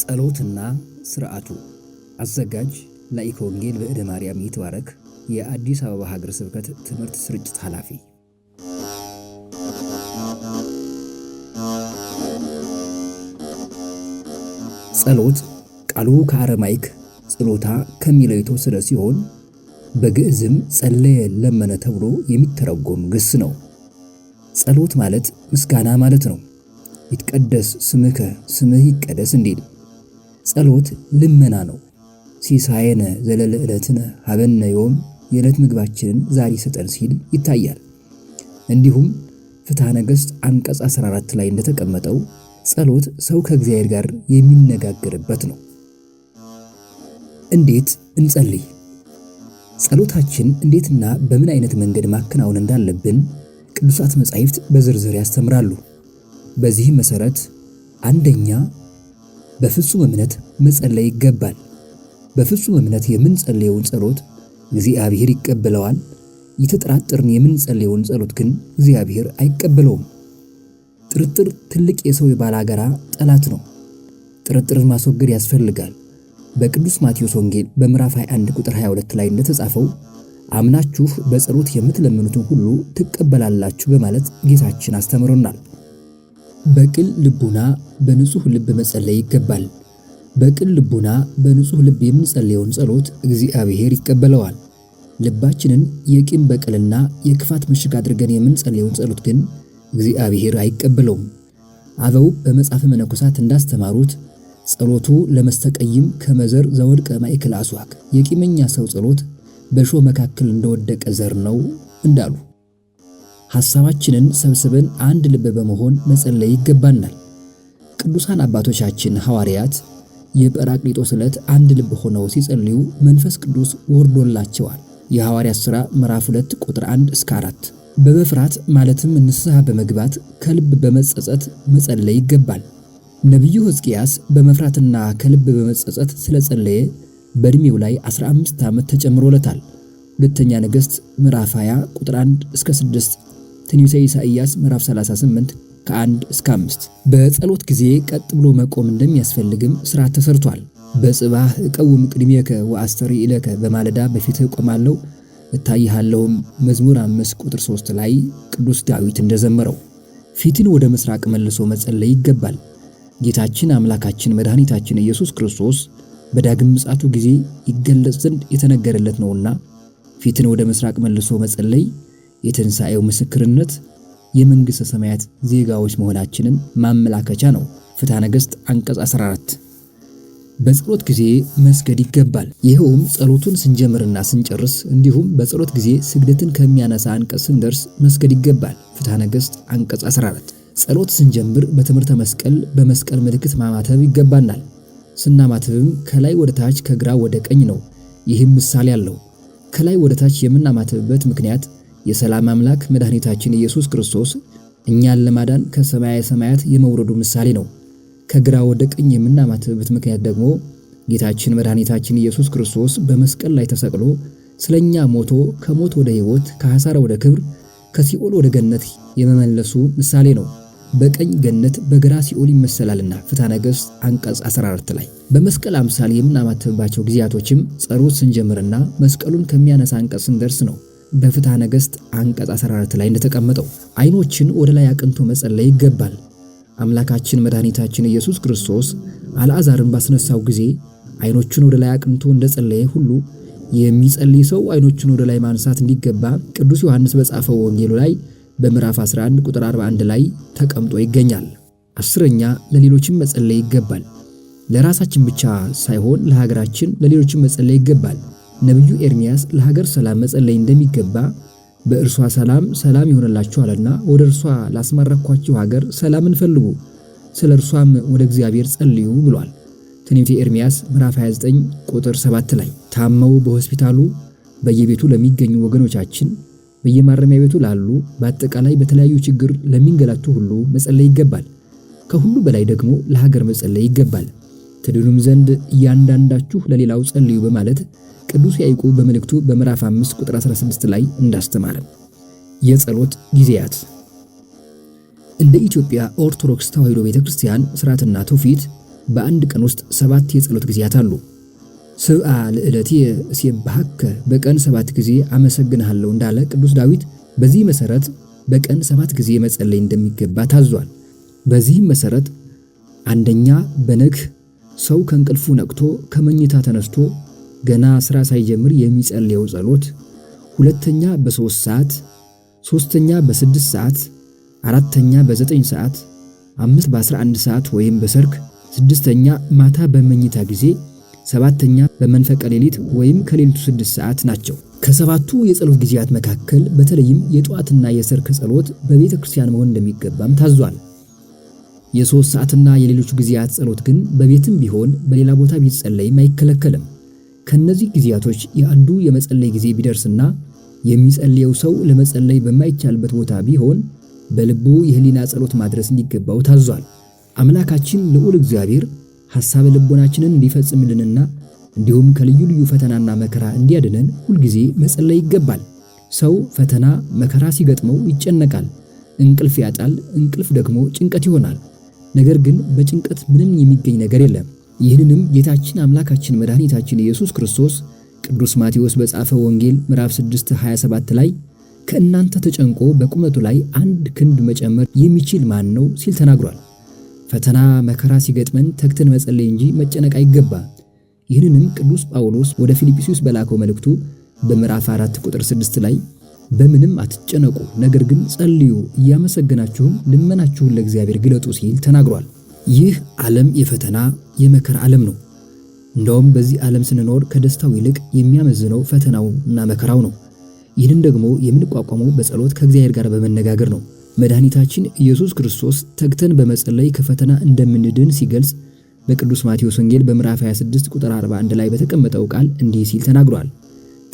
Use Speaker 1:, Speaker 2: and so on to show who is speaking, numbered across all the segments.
Speaker 1: ጸሎትና ስርዓቱ አዘጋጅ ላይከ ወንጌል በእደ ማርያም ይትባረክ የአዲስ አበባ ሀገረ ስብከት ትምህርት ስርጭት ኃላፊ። ጸሎት ቃሉ ከአረማይክ ጸሎታ ከሚለው የተወሰደ ሲሆን በግዕዝም ጸለየ ለመነ ተብሎ የሚተረጎም ግስ ነው። ጸሎት ማለት ምስጋና ማለት ነው። ይትቀደስ ስምከ ስምህ ይቀደስ እንዲል ጸሎት ልመና ነው። ሲሳየነ ዘለለ ዕለትነ ሀበነ ዮም የዕለት ምግባችንን ዛሬ ሰጠን ሲል ይታያል። እንዲሁም ፍትሐ ነገሥት አንቀጽ 14 ላይ እንደተቀመጠው ጸሎት ሰው ከእግዚአብሔር ጋር የሚነጋገርበት ነው። እንዴት እንጸልይ? ጸሎታችን እንዴትና በምን አይነት መንገድ ማከናወን እንዳለብን ቅዱሳት መጻሕፍት በዝርዝር ያስተምራሉ። በዚህም መሠረት አንደኛ በፍጹም እምነት መጸለይ ይገባል። በፍጹም እምነት የምንጸልየውን ጸሎት እግዚአብሔር ይቀበለዋል። የተጠራጠርን የምንጸልየውን ጸሎት ግን እግዚአብሔር አይቀበለውም። ጥርጥር ትልቅ የሰው የባላጋራ ጠላት ነው። ጥርጥርን ማስወገድ ያስፈልጋል። በቅዱስ ማቴዎስ ወንጌል በምዕራፍ 21 ቁጥር 22 ላይ እንደተጻፈው አምናችሁ በጸሎት የምትለምኑትን ሁሉ ትቀበላላችሁ በማለት ጌታችን አስተምሮናል። በቅል ልቡና በንጹህ ልብ መጸለይ ይገባል። በቅል ልቡና በንጹህ ልብ የምንጸልየውን ጸሎት እግዚአብሔር ይቀበለዋል። ልባችንን የቂም በቀልና የክፋት ምሽግ አድርገን የምንጸልየውን ጸሎት ግን እግዚአብሔር አይቀበለውም። አበው በመጽሐፈ መነኮሳት እንዳስተማሩት ጸሎቱ ለመስተቀይም ከመዘር ዘወድቀ ማእከል አስዋክ የቂመኛ ሰው ጸሎት በእሾህ መካከል እንደወደቀ ዘር ነው እንዳሉ ሐሳባችንን ሰብስበን አንድ ልብ በመሆን መጸለይ ይገባናል። ቅዱሳን አባቶቻችን ሐዋርያት የጰራቅሊጦስ ዕለት አንድ ልብ ሆነው ሲጸልዩ መንፈስ ቅዱስ ወርዶላቸዋል። የሐዋርያት ሥራ ምዕራፍ 2 ቁጥር 1 እስከ 4። በመፍራት ማለትም ንስሐ በመግባት ከልብ በመጸጸት መጸለይ ይገባል። ነቢዩ ሕዝቅያስ በመፍራትና ከልብ በመጸጸት ስለጸለየ በእድሜው ላይ 15 ዓመት ተጨምሮለታል። ሁለተኛ ነገሥት ምዕራፍ 20 ቁጥር 1 እስከ 6 ትንቢተ ኢሳይያስ ምዕራፍ 38 ከ1 እስከ 5። በጸሎት ጊዜ ቀጥ ብሎ መቆም እንደሚያስፈልግም ሥርዓት ተሰርቷል። በጽባህ እቀውም ቅድሜከ ወአስተሪ ለከ፣ በማለዳ በፊትህ እቆማለሁ እታይሃለሁም። መዝሙር 5 ቁጥር 3 ላይ ቅዱስ ዳዊት እንደዘመረው ፊትን ወደ ምስራቅ መልሶ መጸለይ ይገባል። ጌታችን አምላካችን መድኃኒታችን ኢየሱስ ክርስቶስ በዳግም ምጻቱ ጊዜ ይገለጽ ዘንድ የተነገረለት ነውና ፊትን ወደ ምስራቅ መልሶ መጸለይ የትንሣኤው ምስክርነት የመንግሥተ ሰማያት ዜጋዎች መሆናችንን ማመላከቻ ነው። ፍትሐ ነገሥት አንቀጽ 14 በጸሎት ጊዜ መስገድ ይገባል። ይኸውም ጸሎቱን ስንጀምርና ስንጨርስ እንዲሁም በጸሎት ጊዜ ስግደትን ከሚያነሳ አንቀጽ ስንደርስ መስገድ ይገባል። ፍትሐ ነገሥት አንቀጽ 14 ጸሎት ስንጀምር በትምህርተ መስቀል በመስቀል ምልክት ማማተብ ይገባናል። ስናማተብም ከላይ ወደ ታች ከግራ ወደ ቀኝ ነው። ይህም ምሳሌ አለው። ከላይ ወደ ታች የምናማተብበት ምክንያት የሰላም አምላክ መድኃኒታችን ኢየሱስ ክርስቶስ እኛን ለማዳን ከሰማየ ሰማያት የመውረዱ ምሳሌ ነው። ከግራ ወደ ቀኝ የምናማትበት ምክንያት ደግሞ ጌታችን መድኃኒታችን ኢየሱስ ክርስቶስ በመስቀል ላይ ተሰቅሎ ስለኛ ሞቶ ከሞት ወደ ሕይወት ከሐሳር ወደ ክብር ከሲኦል ወደ ገነት የመመለሱ ምሳሌ ነው። በቀኝ ገነት በግራ ሲኦል ይመሰላልና ፍትሐ ነገሥት አንቀጽ 14 ላይ በመስቀል አምሳል የምናማትብባቸው ጊዜያቶችም ጸሎት ስንጀምርና መስቀሉን ከሚያነሳ አንቀጽ ስንደርስ ነው። በፍትሐ ነገሥት አንቀጽ 14 ላይ እንደተቀመጠው አይኖችን ወደ ላይ አቅንቶ መጸለይ ይገባል። አምላካችን መድኃኒታችን ኢየሱስ ክርስቶስ አልዓዛርን ባስነሳው ጊዜ አይኖቹን ወደ ላይ አቅንቶ እንደጸለየ ሁሉ የሚጸልይ ሰው አይኖቹን ወደ ላይ ማንሳት እንዲገባ ቅዱስ ዮሐንስ በጻፈው ወንጌሉ ላይ በምዕራፍ 11 ቁጥር 41 ላይ ተቀምጦ ይገኛል። አስረኛ ለሌሎችም መጸለይ ይገባል። ለራሳችን ብቻ ሳይሆን ለሀገራችን፣ ለሌሎችም መጸለይ ይገባል። ነቢዩ ኤርምያስ ለሀገር ሰላም መጸለይ እንደሚገባ በእርሷ ሰላም ሰላም ይሆንላችኋልና ወደ እርሷ ላስማረኳችሁ ሀገር ሰላምን ፈልጉ፣ ስለ እርሷም ወደ እግዚአብሔር ጸልዩ ብሏል። ትንቢተ ኤርምያስ ምዕራፍ 29 ቁጥር 7 ላይ ታመው በሆስፒታሉ በየቤቱ ለሚገኙ ወገኖቻችን፣ በየማረሚያ ቤቱ ላሉ፣ በአጠቃላይ በተለያዩ ችግር ለሚንገላቱ ሁሉ መጸለይ ይገባል። ከሁሉ በላይ ደግሞ ለሀገር መጸለይ ይገባል። ትድኑም ዘንድ እያንዳንዳችሁ ለሌላው ጸልዩ በማለት ቅዱስ ያዕቆብ በመልእክቱ በምዕራፍ 5 ቁጥር 16 ላይ እንዳስተማረን የጸሎት ጊዜያት እንደ ኢትዮጵያ ኦርቶዶክስ ተዋሕዶ ቤተ ክርስቲያን ሥርዓትና ትውፊት በአንድ ቀን ውስጥ ሰባት የጸሎት ጊዜያት አሉ። ስብአ ልዕለቴ እሴብሐከ በቀን ሰባት ጊዜ አመሰግንሃለሁ እንዳለ ቅዱስ ዳዊት በዚህ መሠረት በቀን ሰባት ጊዜ መጸለይ እንደሚገባ ታዟል። በዚህም መሠረት አንደኛ በነግህ ሰው ከእንቅልፉ ነቅቶ ከመኝታ ተነስቶ ገና ሥራ ሳይጀምር የሚጸልየው ጸሎት ሁለተኛ በሦስት ሰዓት፣ ሦስተኛ በስድስት ሰዓት፣ አራተኛ በዘጠኝ ሰዓት፣ አምስት በአስራ አንድ ሰዓት ወይም በሰርክ፣ ስድስተኛ ማታ በመኝታ ጊዜ፣ ሰባተኛ በመንፈቀ ሌሊት ወይም ከሌሊቱ ስድስት ሰዓት ናቸው። ከሰባቱ የጸሎት ጊዜያት መካከል በተለይም የጠዋትና የሰርክ ጸሎት በቤተ ክርስቲያን መሆን እንደሚገባም ታዟል። የሶስት ሰዓትና የሌሎች ጊዜያት ጸሎት ግን በቤትም ቢሆን በሌላ ቦታ ቢጸለይም አይከለከልም። ከእነዚህ ጊዜያቶች የአንዱ የመጸለይ ጊዜ ቢደርስና የሚጸልየው ሰው ለመጸለይ በማይቻልበት ቦታ ቢሆን በልቡ የህሊና ጸሎት ማድረስ እንዲገባው ታዟል። አምላካችን ልዑል እግዚአብሔር ሐሳብ ልቦናችንን እንዲፈጽምልንና እንዲሁም ከልዩ ልዩ ፈተናና መከራ እንዲያድነን ሁልጊዜ መጸለይ ይገባል። ሰው ፈተና መከራ ሲገጥመው ይጨነቃል፣ እንቅልፍ ያጣል። እንቅልፍ ደግሞ ጭንቀት ይሆናል። ነገር ግን በጭንቀት ምንም የሚገኝ ነገር የለም። ይህንንም ጌታችን አምላካችን መድኃኒታችን ኢየሱስ ክርስቶስ ቅዱስ ማቴዎስ በጻፈ ወንጌል ምዕራፍ 6 27 ላይ ከእናንተ ተጨንቆ በቁመቱ ላይ አንድ ክንድ መጨመር የሚችል ማን ነው ሲል ተናግሯል። ፈተና መከራ ሲገጥመን ተግተን መጸለይ እንጂ መጨነቅ አይገባ። ይህንንም ቅዱስ ጳውሎስ ወደ ፊልጵስዩስ በላከው መልእክቱ በምዕራፍ 4 ቁጥር 6 ላይ በምንም አትጨነቁ፣ ነገር ግን ጸልዩ፣ እያመሰገናችሁም ልመናችሁን ለእግዚአብሔር ግለጡ ሲል ተናግሯል። ይህ ዓለም የፈተና የመከራ ዓለም ነው። እንደውም በዚህ ዓለም ስንኖር ከደስታው ይልቅ የሚያመዝነው ፈተናው እና መከራው ነው። ይህንን ደግሞ የምንቋቋመው በጸሎት ከእግዚአብሔር ጋር በመነጋገር ነው። መድኃኒታችን ኢየሱስ ክርስቶስ ተግተን በመጸለይ ከፈተና እንደምንድን ሲገልጽ በቅዱስ ማቴዎስ ወንጌል በምዕራፍ 26 ቁጥር 41 ላይ በተቀመጠው ቃል እንዲህ ሲል ተናግሯል።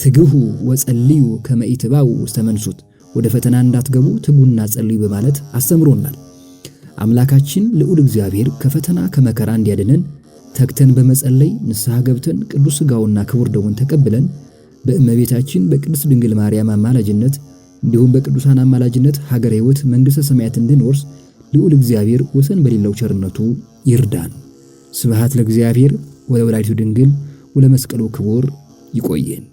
Speaker 1: ትግሁ ወጸልዩ ከመኢትባው ውስተ መንሱት፣ ወደ ፈተና እንዳትገቡ ትጉና ጸልዩ በማለት አስተምሮናል። አምላካችን ልዑል እግዚአብሔር ከፈተና ከመከራ እንዲያድነን ተግተን በመጸለይ ንስሐ ገብተን ቅዱስ ሥጋውና ክቡር ደሙን ተቀብለን በእመቤታችን በቅድስት ድንግል ማርያም አማላጅነት እንዲሁም በቅዱሳን አማላጅነት ሀገረ ሕይወት መንግሥተ ሰማያት እንድንወርስ ልዑል እግዚአብሔር ወሰን በሌለው ቸርነቱ ይርዳን። ስብሃት ለእግዚአብሔር ወለወላዲቱ ድንግል ወለመስቀሉ ክቡር። ይቆየን።